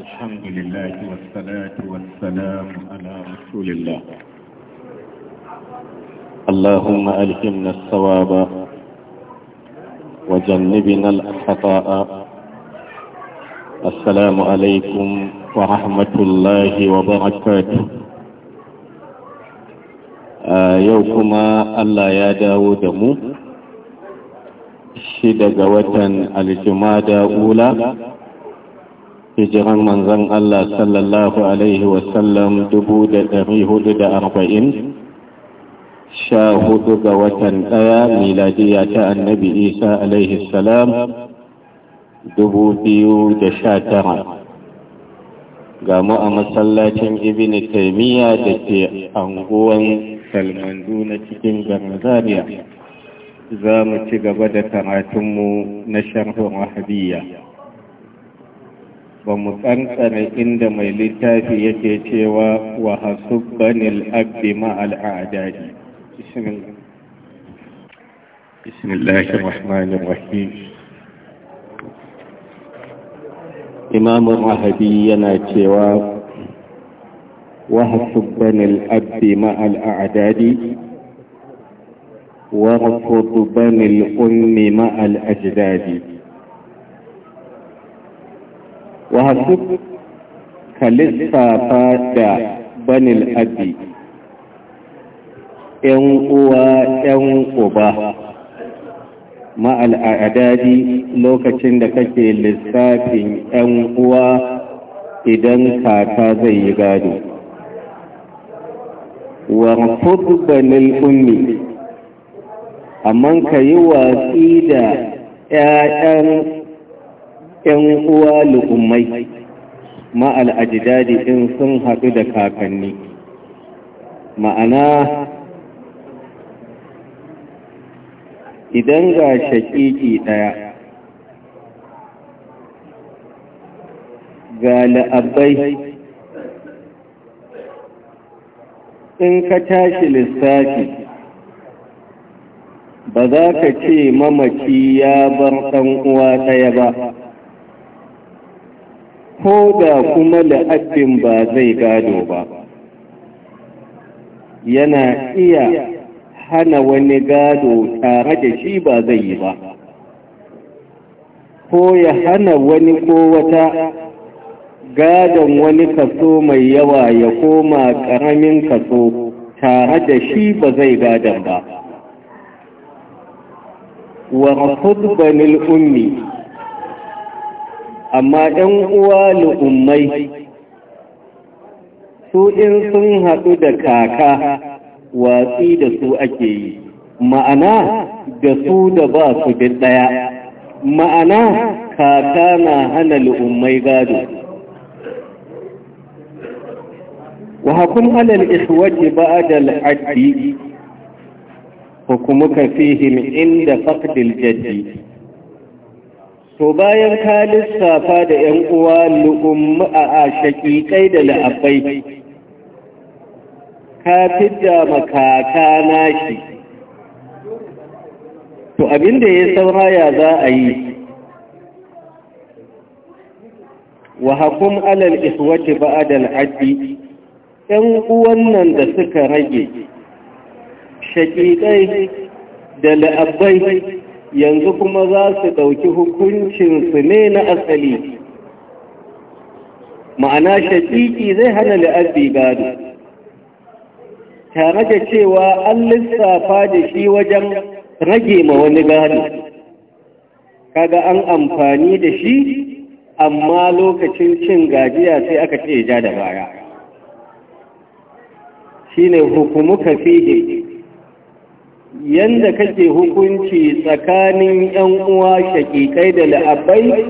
الحمد لله والصلاة والسلام على رسول الله اللهم ألهمنا الصواب وجنبنا الخطاء السلام عليكم ورحمة الله وبركاته آه، يوكما ألا يا داود مو شدة وتن الجمادة أولى hijiran manzan Allah sallallahu Alaihi wasallam arba'in. sha hudu ga watan ɗaya miladiya ta annabi Isa alaihi salam tara. ga mu a masallacin ibn taimiyya da ke anguwan salmandu na cikin garin zaria za mu ci gaba da karatunmu na sharhun wahabiyya ba mu tsantsana inda mai littafi yake cewa wa hasubbanil abdi ma'al a'dadi بسم الله الرحمن الرحيم إمام الرهبي يناتشوا وهسبن الأب مع الأعداد ورفض بن الأم مع الأجداد wasu ka lissafa da banil abi ‘yan uwa ‘yan uba ma'al adadi lokacin da kake lissafin ‘yan uwa idan kata zai yi gado wa banil ummi amma ka yi watsi da ‘ya'yan ‘yan uwa lu'ummai ma'al al’ajidadi in sun haɗu da kakanni ma'ana idan ga shaƙiƙi ɗaya ga la'abbai in ka tashi lissafi ba za ka ce mamaki ya bar ɗan uwa ɗaya ba ko da kuma la'abin ba zai gado ba yana iya hana wani gado tare da shi ba zai yi ba ko ya hana wani ko wata gadon wani kaso mai yawa ya koma ƙaramin kaso tare da shi ba zai gadon ba wa khutbanil ummi amma ‘yan uwa lu'ummai su in sun haɗu da kaka watsi da su ake yi ma'ana da su da ba su bin ɗaya ma'ana kaka na hana lu'ummai gado wa hakun alal iswaji ba'da al'addi hukumuka fihim inda faqdil jaddi to bayan ka lissafa da ‘yan uwa lu'umma a shaƙiƙai da la'abbai ka fidda makaka nashi to abinda ya saura ya za a yi wa hakum alal iswati ba'dal addi ‘yan uwan nan da suka rage shaƙiƙai da la'abbai yanzu kuma za su ɗauki hukuncinsu ne na asali ma'ana shaƙiƙi zai hana la'abdi gado tare da cewa an lissafa da shi wajen rage ma wani gado kaga an amfani da shi amma lokacin cin gajiya sai aka ce ja da baya shi ne hukumuka fiye yanda kake hukunci tsakanin ‘yan uwa shakikai da la'abai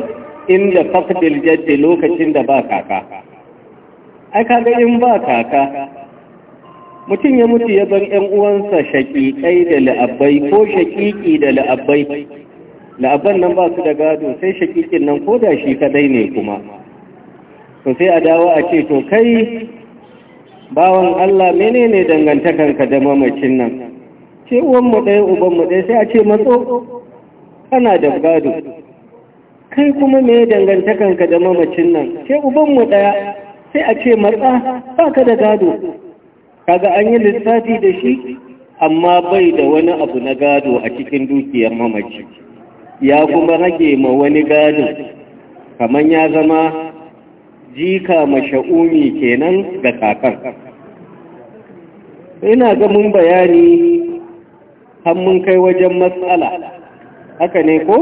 inda fakdil jaddi lokacin da ba kaka. Ai, kaga in ba kaka, mutum ya mutu ya bar ‘yan uwansa shakikai da la'abai ko shakiki da la'abai. la'aban nan ba su da gado sai shakikin nan ko da shi kadai ne kuma. To sai a dawo a ce, to kai, bawan Allah menene dangantakanka da mamacin nan? ce uwanmu ɗaya ubanmu ɗaya sai a ce matso kana da gado kai kuma me dangantakanka da mamacin nan ce ubanmu ɗaya sai a ce matsa ba ka da gado kaga an yi lissafi da shi amma bai da wani abu na gado a cikin dukiyar mamaci ya kuma rage ma wani gado kamar ya zama jika masha'umi kenan ga kakar. ina ga mun bayani har mun kai wajen matsala haka ne ko?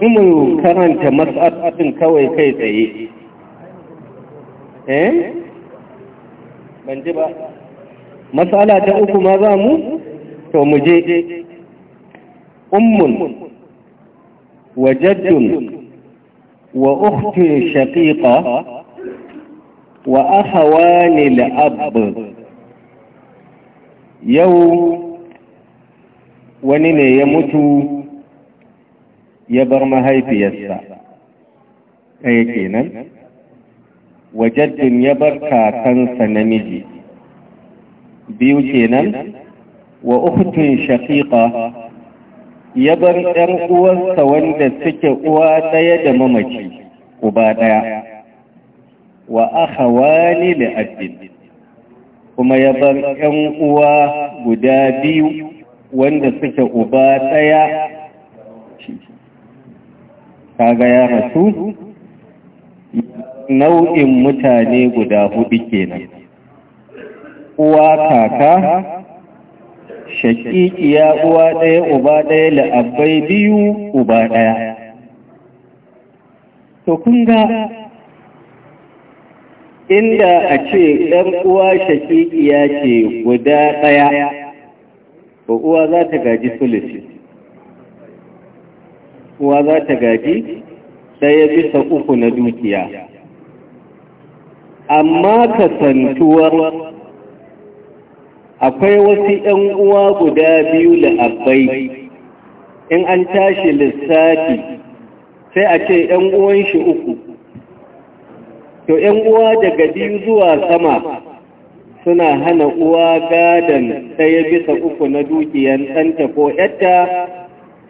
Mun karanta matsalolin kawai kai tsaye eh? ba matsala ta uku ma za mu? to mu je ummun wa jaddun wa uktun shaƙiƙa wa ahawa ne la'abba yau wani ne ya mutu ya bar mahaifiyarsa ɗaya kenan wajaddun ya bar kakansa namiji biyu kenan wa uhtun shafiƙa ya bar ɗan uwarsa wanda suke uwa ɗaya da mamaci uba ɗaya wa akhawani li da kuma ya bar ‘yan uwa guda biyu wanda suke uba ɗaya kaga ya rasu nau'in mutane guda hudu kenan uwa kaka shakikiya uwa ɗaya uba ɗaya la'abbai biyu uba ɗaya to kun ga inda a ce ɗan uwa shakikiya ce guda ɗaya to uwa za ta gaji sulusi uwa za ta gaji ya bisa uku na dukiya amma kasantuwar akwai wasu ‘yan uwa guda biyu la'abbai in an tashi lissafi sai a ce ‘yan uwan shi uku to ‘yan uwa daga biyu zuwa sama suna hana uwa gadon ɗaya bisa uku na dukiyan ɗanta ko ‘yatta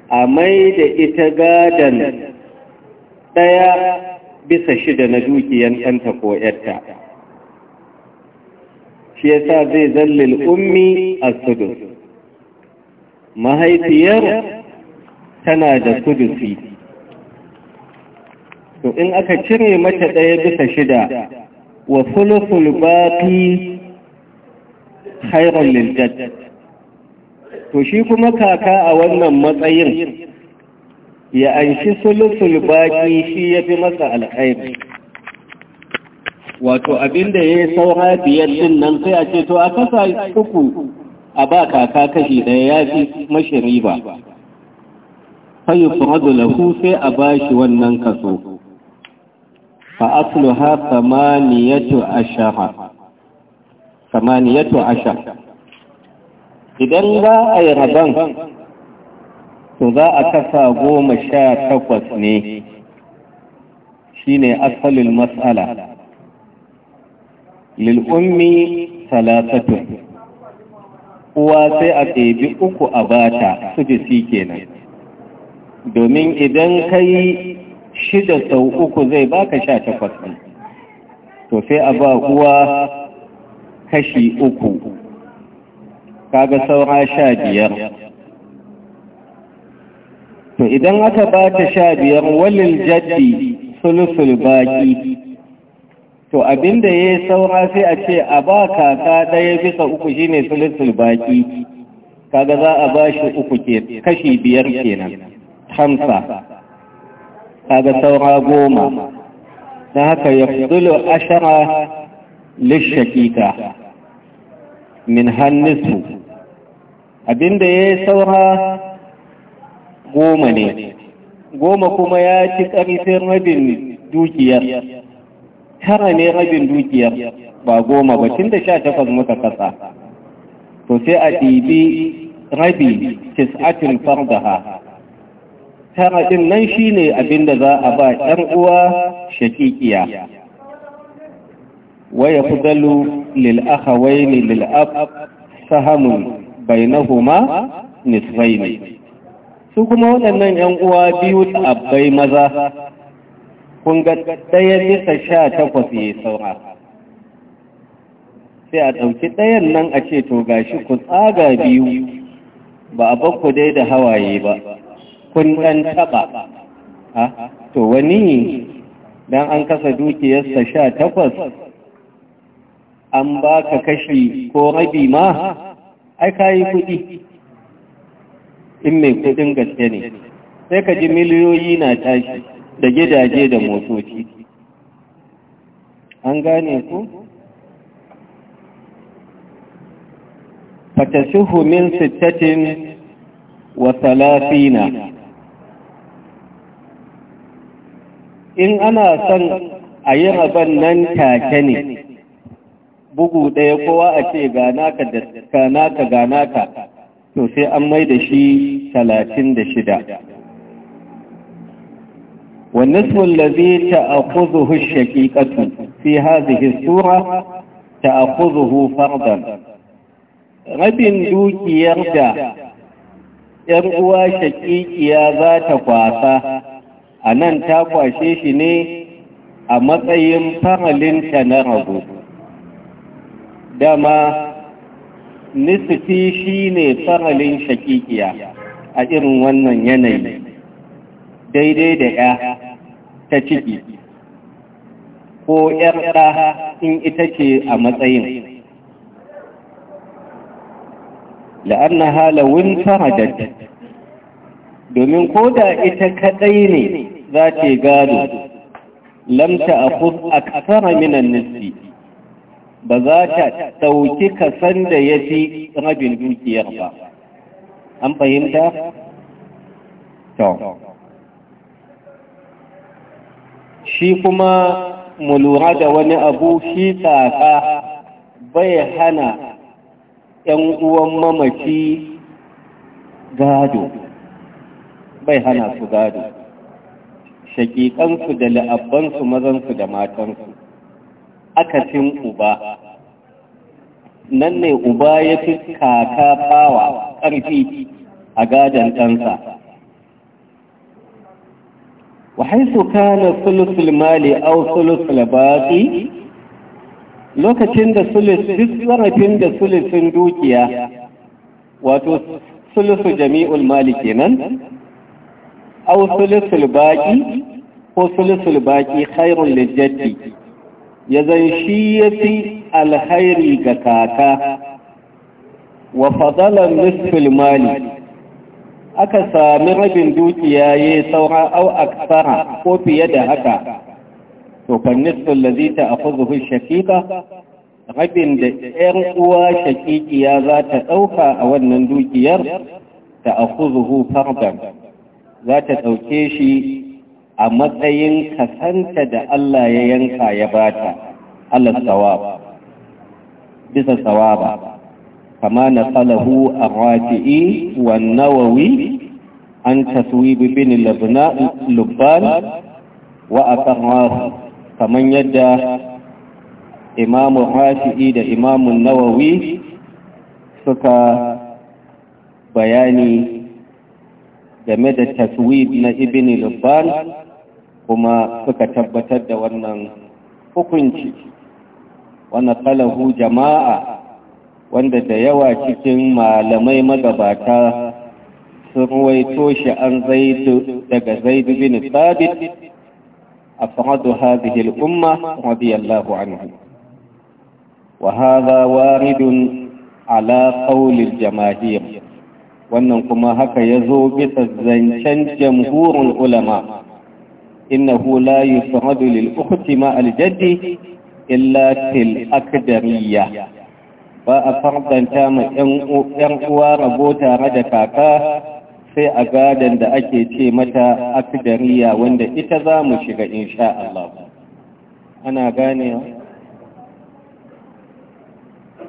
a mai da ita gadon ɗaya bisa shida na dukiyan ɗanta ko ‘yatta. Shi ya sa zai zallil ummi a sudus Mahaifiyar tana da sudusi. To in aka cire mata ɗaya bisa shida, wa sulusul baƙi khairun liljad to shi kuma kaka a wannan matsayin ya anshi sulusul baki shi ya fi masa alkhairi wato abinda yayi saura biyar din nan sai a ce to a kasa uku a ba kaka kashi daya yafi mashi riba fayufradu ku sai a ba shi wannan kaso fa asluha thamaniyatu ashara samaniyatu asha idan za a yi rabon to za a kasa goma sha takwas ne shi ne asalin matsala lil'ummi talatatun uwa sai a ɗebi uku a bata su si kenan domin idan ka yi shida sau uku zai baka sha takwas ne to sai a ba uwa kashi uku kaga saura sha biyar to idan aka ba ta sha biyar walil jaddi sulusul baki to abinda ya yi saura sai a ce a ba kaka daya bisa uku shine sulusul baki kaga za a ba shi uku ke kashi biyar kenan hamsa kaga saura goma ta haka ya fudulo ashara lishakika min hannisu abinda ya saura goma ne goma kuma ya ci ƙarfin rabin dukiyar tara ne rabin dukiyar ba goma ba tun da sha takwas muka kasa to sai a ɗibi rabi tis'atin fardaha tara ɗin nan shine abinda za a ba 'yan uwa shakikiya ويفضل للأخوين للأب سهم بينهما نصفين su kuma waɗannan 'yan uwa biyu da abbai maza kun ga ɗaya bisa sha takwas ya saura sai a ɗauki ɗayan nan a ce to gashi ku tsaga biyu ba a bakku dai da hawaye ba kun ɗan taɓa to wani don an kasa dukiyarsa sha takwas an ba ka kashi ko rabi ma ai ka yi kuɗi in mai kuɗin gaske ne sai ka ji miliyoyi na tashi da gidaje da motoci an gane ku fatasihu min sittatin wa salafina in ana son a yi rabon nan take ne bugu ɗaya kowa a ce ga naka ga naka to sai an mai da shi talatin da shida wani tsullabi ta akuzuhu shakikatu fi hazihi hisura ta akuzuhu fardan rabin dukiyar da ‘yan uwa shaƙiƙiya za ta kwasa a nan ta kwashe shi ne a matsayin faralinta na rabu’u dama nisifi shi ne fahalin shakikiya a irin wannan yanayi daidai da ya ta ciki ko ‘yar ɗaha in ita ce a matsayin la'anna halawun farajat domin ko da ita kaɗai ne za ta gado lamta a kus a minan nisifi ba za ta ɗauki kasan da ya fi rabin dukiyar ba an fahimta? to shi kuma mu lura da wani abu shi tsaka bai hana ‘yan uwan mamaci gado bai hana su gado shaƙiƙansu da la'abbansu mazansu da matansu akasin uba nan ne uba ya fi kaka bawa ƙarfi a gadon ɗansa wa haisu kana sulusul mali au sulusul baki lokacin da sulusun da sulusun dukiya wato sulusu jami'ul mali kenan au sulusul baki ko sulusul baki khairun lijjati ya zan shi ya fi alhairi ga kaka wa fadalar nisfil mali aka sami rabin dukiya ya saura au aksara ko fiye da haka to fa nisfin lazita a fuzuhun shakika rabin da 'yan uwa shakikiya za ta ɗauka a wannan dukiyar ta a fuzuhu fardan za ta ɗauke shi a matsayin kasanta da Allah ya yanka ya bata Allah sawaba bisa sawaba kama na salahu a rafi'i wa nawawi an taswibi bin lubban wa a kamar yadda imamu rafi'i da imamun nawawi suka bayani game da taswi na ibini lubban kuma suka tabbatar da wannan hukunci wannan kalahu jama'a wanda da yawa cikin malamai magabata sun waito shi an zaidu daga zaidu bin sabit a fahadu hadihil umma radiyallahu anhu wa hadha waridun ala qawlil wannan kuma haka yazo bisa zancen jamhurul ulama إنه لا يسرد للأخت مع الجد إلا في الأكدرية فأفردا تام ينقوى ربوتا رد كاكا في أقادا دا أكي تيمة أكدرية وند إتذا مشغ إن شاء الله أنا غاني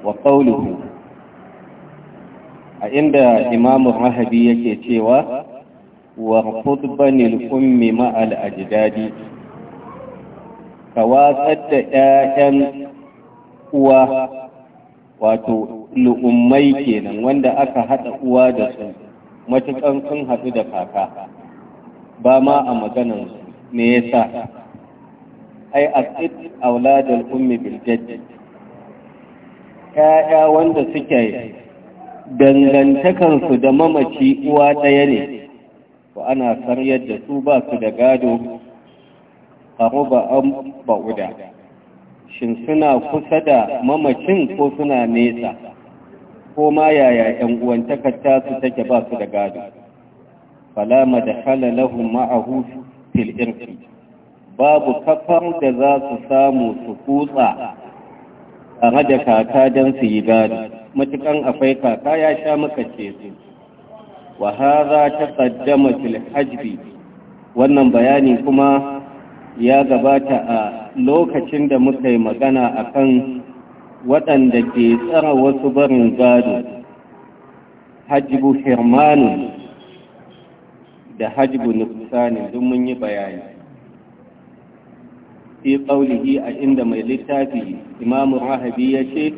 وقوله عند إمام الرهبي يكي تيوى وارفض بني ma'al مع الأجداد kawatsar da ‘ya'yan uwa wato lu'ummai kenan wanda aka haɗa uwa da su matuƙan sun haɗu da kaka ba ma a maganan me yasa ai asid auladul ummi bil jaddi ‘ya'ya wanda suke dangantakansu da mamaci uwa ɗaya ne wa ana karyar da su ba su da gado a ruba an ba'uda shin suna kusa da mamacin ko suna nesa ko ma yaya ‘yan uwantakar su take ba su da gado falama da halalahu ma'ahu fil babu kafar da za su samu su kutsa tare da kaka don su yi gado matukan akwai kaka ya sha maka ce su wa ta taqaddama fil wannan bayani kuma ya gabata a lokacin da muka yi magana akan waɗanda ke tsara wasu barin gado hajjibu hirmanun da hajjibu nukusanin don mun yi bayani fi ƙaunihi a inda mai littafi imamu rahabi ya ce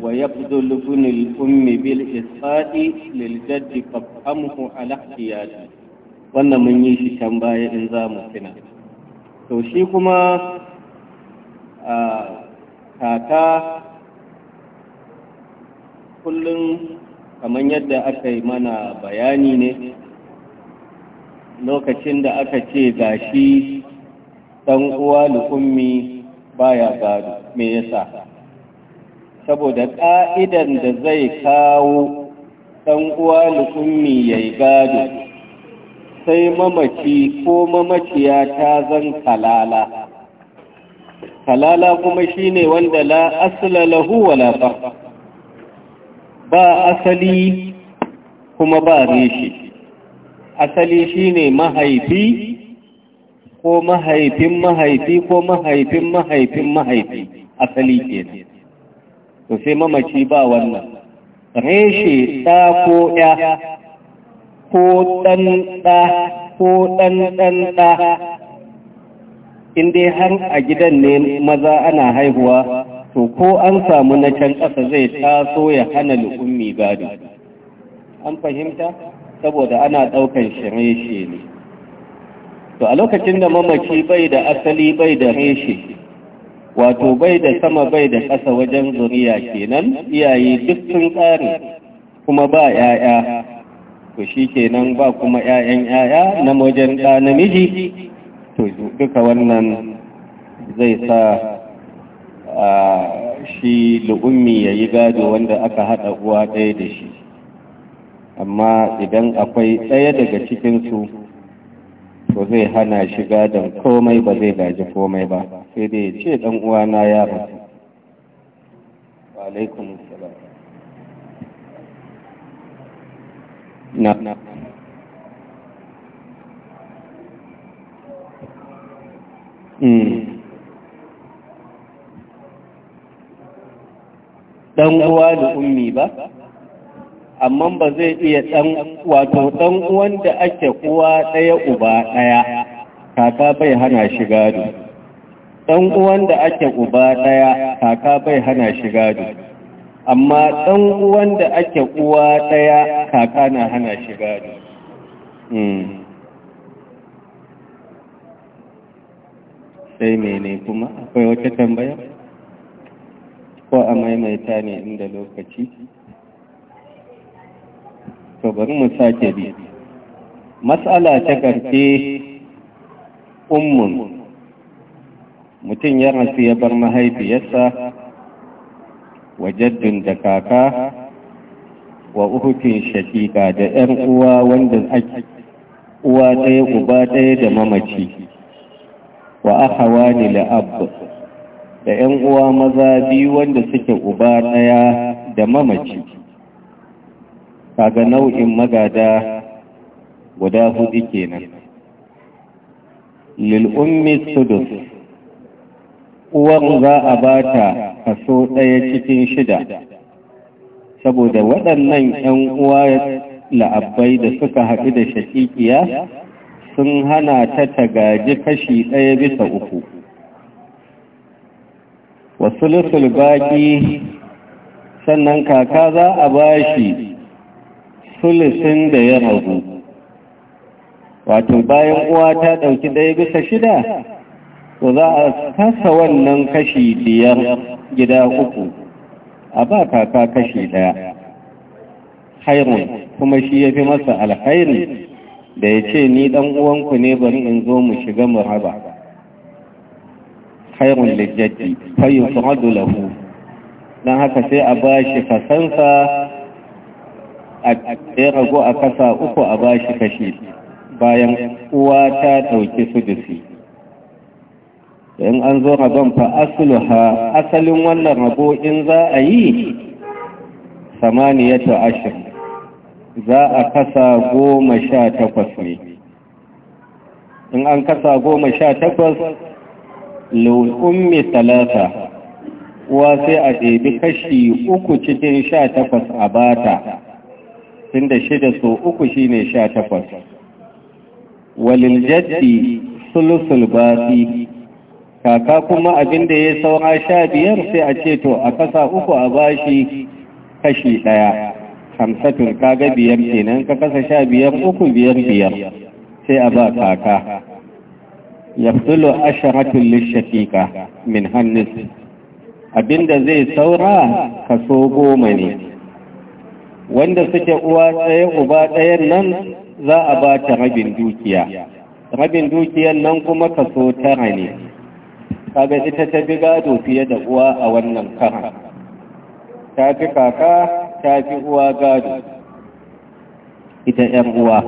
ويبذل ابن الأم بالإسقاط للجد فافهمه على احتياجه wannan mun yi shi can baya in za mu kina. to shi kuma a kaka kullum kamar yadda aka yi mana bayani ne lokacin da aka ce gashi dan uwa lukummi baya gado me yasa saboda ƙa'idan da zai kawo ɗan uwa lukummi ya yi gado sai mamaci ko mamaciya ta zan kalala kalala kuma shi ne wanda la asla lahu ba ba asali kuma ba reshi asali shi ne mahaifi ko mahaifin mahaifi ko mahaifin mahaifin mahaifi asali ke nan. to sai mamaci ba wannan reshe ta, ko ya ko ɗan ko ɗan ɗan in har a gidan ne maza ana haihuwa to ko an samu na can ƙasa zai taso ya hana al'ummi gado an fahimta saboda ana ɗaukan shi reshe ne to a lokacin da mamaci bai da asali bai da reshe wato bai da sama bai da ƙasa wajen zuriya kenan iyaye duk sun ƙare kuma ba ‘ya'ya to shi kenan ba kuma ‘ya'yan ‘ya'ya na wajen ɗa namiji to duka wannan zai sa a shi lu'ummi ya yi gado wanda aka haɗa uwa ɗaya da shi amma idan akwai ɗaya daga cikinsu to zai hana shiga gadon komai ba zai gaji komai ba sai dai ce dan uwana ya rasu wa alaikum salam na na hmm. dan uwa da ummi ba amma ba zai iya dan wato dan uwan da ake uwa daya uba daya kaka bai hana shiga gado ɗan uwan da ake uba ɗaya kaka bai hana shiga gado amma ɗan uwan da ake uwa ɗaya kaka na hana shiga. gado hmm. sai mene kuma akwai wata tambaya ko a maimaita ne inda lokaci to bari mu sake bi matsala ta karfe ummun mutum ya rasu ya bar mahaifiyarsa wa jaddun da kaka wa uhukin shakika da 'yan uwa wanda ake uwa ɗaya uba ɗaya da mamaci wa aka wani la'ab da 'yan uwa maza biyu wanda suke uba ɗaya da mamaci kaga nau'in magada guda hudu kenan lil'ummi sudus uwan za a ba ta kaso ɗaya cikin shida saboda waɗannan 'yan uwa la'abbai da suka haɗu da shaƙiƙiya sun hana ta tagaji kashi ɗaya bisa uku wasu lissul baƙi sannan kaka za a ba shi sulisin da ya ragu wato bayan uwa ta ɗauki ɗaya bisa shida to za a kasa wannan kashi biyar gida uku a ba kaka kashi daya hairun kuma shi ya fi masa alhairi da ya ce ni dan uwanku ne bari in zo mu shiga mu raba hairun lijjati fayin su'adu lahu don haka sai a ba shi kasansa a ɗaya rago a kasa uku a ba shi kashi bayan uwa ta ɗauki su in an zo rabon fa asluha asalin wannan rabo in za a yi samaniyatu ashir za a kasa goma sha takwas ne in an kasa goma sha takwas lul'ummi talata uwa sai a ɗebi kashi uku cikin sha takwas a bata tun da shida so uku shine sha takwas walil jaddi sulusul bati kaka kuma abin da ya saura sha biyar sai a ce to a kasa uku a bashi kashi ɗaya hamsatun kaga biyar kenan ka kasa sha biyar uku biyar biyar sai a ba kaka ya fitulo asharatun lishakika min abin abinda zai saura kaso goma ne wanda suke uwa tsaye uba ɗayan nan za a ba ta rabin dukiya rabin dukiyan nan kuma kaso tara ne kaga ita ta bi gado fiye da uwa a wannan karan ta fi kaka ta fi uwa gado ita ‘yan uwa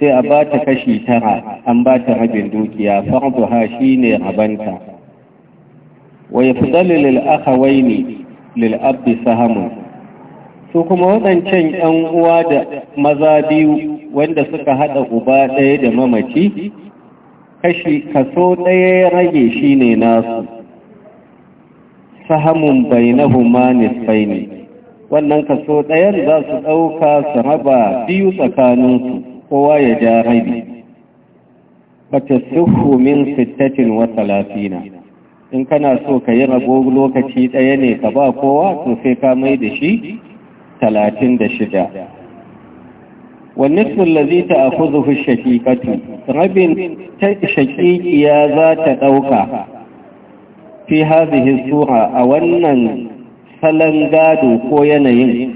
sai a ba ta kashi tara an ba ta rabin dukiya fardu ha shi ne rabanta wa ya fi zalilil aka waini lil'abdi sahamun su kuma waɗancan ‘yan uwa da maza biyu wanda suka haɗa uba ɗaya da mamaci kashi kaso ɗaya rage shi ne nasu sahamun bainahuma ne. wannan kaso ɗayan za su ɗauka su raba biyu tsakaninsu kowa ya ja rabi bata suhu min sittatin wata lafina. in kana so ka yi rabo lokaci ɗaya ne ka ba kowa to sai ka mai da shi talatin da shida والنصف الذي تأخذه الشقيقة رب شقيقيا ذات دوكا في هذه الصورة أولا فلنقاد كوينين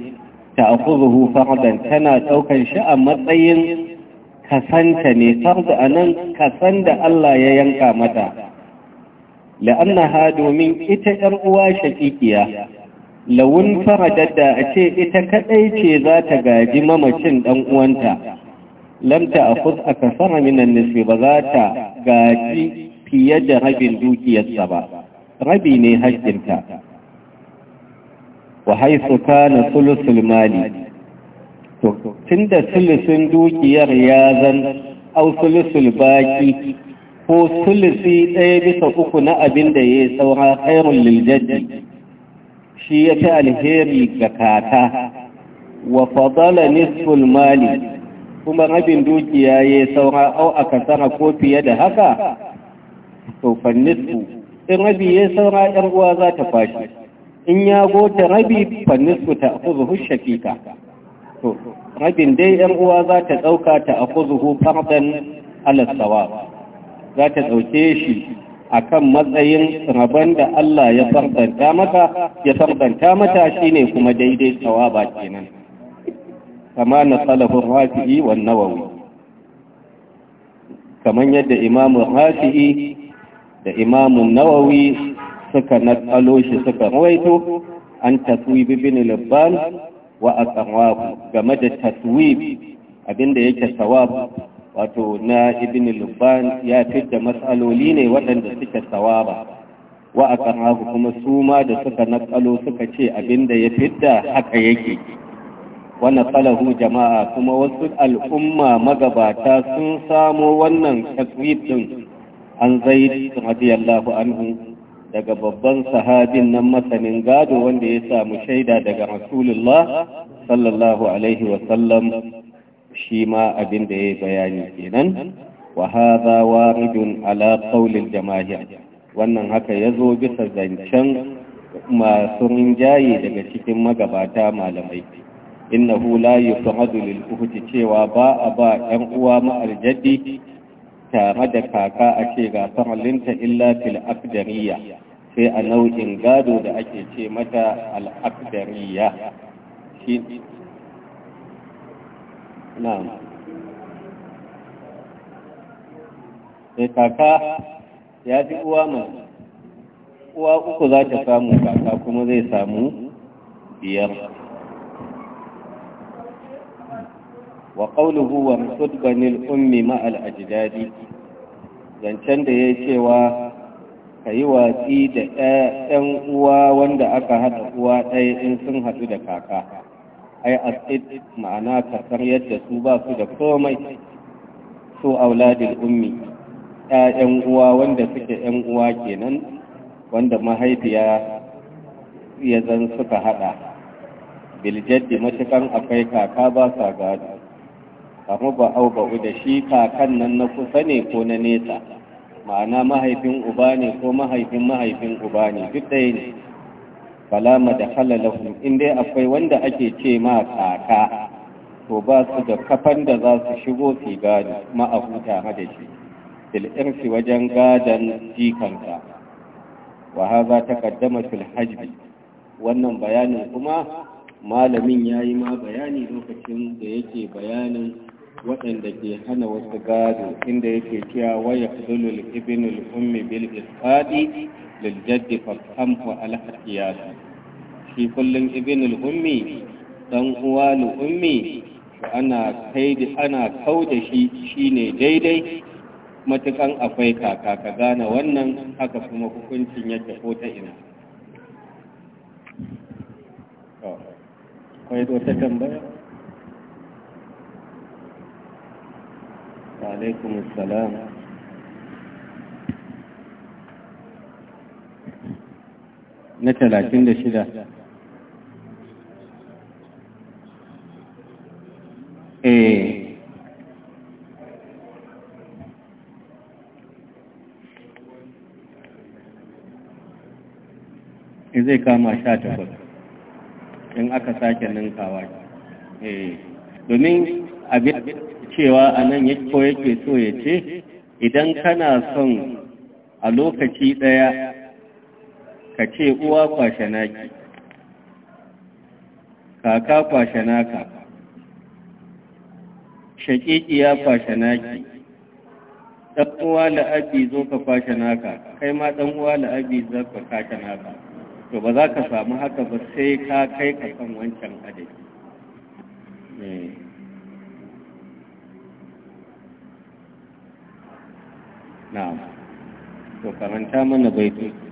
تأخذه فردا كان دوكا شاء مطين كسنتني فرد أنا كسند الله ينقى متى لأنها دومين إتئر شقيقيا lawun faradadda a ce ita kadai ce za ta gaji mamacin dan uwanta lamta a kus a kasara minan nisfi ba za ta gaji fiye da rabin dukiyarsa ba rabi ne haƙƙinta wa haisu kana sulusul mali tun da sulusun dukiyar ya zan au sulusul baki ko sulusi ɗaya bisa uku na abin da ya yi saura khairun liljaddi shi ya fi alheri ga kata wa fadala nisful mali kuma rabin dukiya ya saura au a tsara ko fiye da haka To fannisu in rabi ya saura yan uwa za ta fashi in ya gota rabi fannisu ta akuzuhu shakika to rabin dai yan uwa za ta ɗauka ta akuzuhu fardan alasawa za ta dauke shi akan matsayin rabon da Allah ya fardanta mata ya fardanta mata shine kuma daidai tsawaba kenan kama na salafin rafi'i wa nawawi kaman yadda imamu rafi'i da imamu nawawi suka natsalo shi suka rawaito an taswib bin labban wa aqrabu game da taswib abinda yake sawab wato na ibn lubban ya fidda matsaloli ne waɗanda suka sawaba wa a kuma su ma da suka naƙalo suka ce abinda ya fidda haka yake wani tsalahu jama'a kuma wasu al'umma magabata sun samo wannan takwifin an zai radiyallahu anhu daga babban sahabin nan masanin gado wanda ya samu shaida daga rasulullah sallallahu alaihi wasallam shi ma abin da ya bayani kenan wa hadha waridun ala qawlil wannan haka yazo bisa zancen masu rinjaye daga cikin magabata malamai innahu la yi lil uhti cewa ba a ba ɗan uwa ma aljaddi tare da kaka a ce ga farlinta illa fil aqdariya sai a nau'in gado da ake ce mata al aqdariya na'am sai eh, kaka ya fi uwa mai uwa uku za ta samu kaka kuma zai samu biyar wa ƙauluhu wa sudbanil ummi ma'al Dadi, zancen da ya cewa ka yi watsi da 'yan uwa wanda aka haɗa uwa ɗaya in sun haɗu da kaka ai asid ma'ana karɓar yadda su ba su da komai su Auladin ummi ƴaƴan uwa wanda suke ƴan uwa kenan wanda mahaifiya ya zan suka hada bil jaddi matukan akwai kaka ba sa gado kamu ba au ba da shi kakan nan na kusa ne ko na nesa ma'ana mahaifin uba ne ko mahaifin mahaifin uba ne duk ɗaya ne fala da lahum in dai akwai wanda ake ce ma kaka to ba su da kafan da za su shigo su da ma'ahuta hada shi fil'irsi wajen gadon jikanta wa haza taqaddama fil hajbi wannan bayanin kuma malamin ya yi ma bayani lokacin da yake bayanin waɗanda ke hana wasu gado inda yake cewa waya zulul ibnul ummi bil isqadi lil jaddi fa amhu al shi kullun ibnul ummi dan uwa ummi ana kai ana kauda shi shine daidai matukan akwai kaka ka gane wannan haka kuma hukuncin yake ko ta ina akwai tambaya وعليكم السلام na talatin da shida zai kama sha takwas in aka sake ninkawa domin cewa a nan ya ko yake so ya ce idan kana son a lokaci ɗaya ka ce uwa kwashe naki kaka kwashe naka shaƙiƙiya kwashe naki ɗan uwa la'abi zo ka kwashe naka kai ma ɗan uwa la'abi za ka kwashe naka to ba za ka samu haka ba sai ka kai ka kan wancan adadi eh. na'am to karanta mana baitun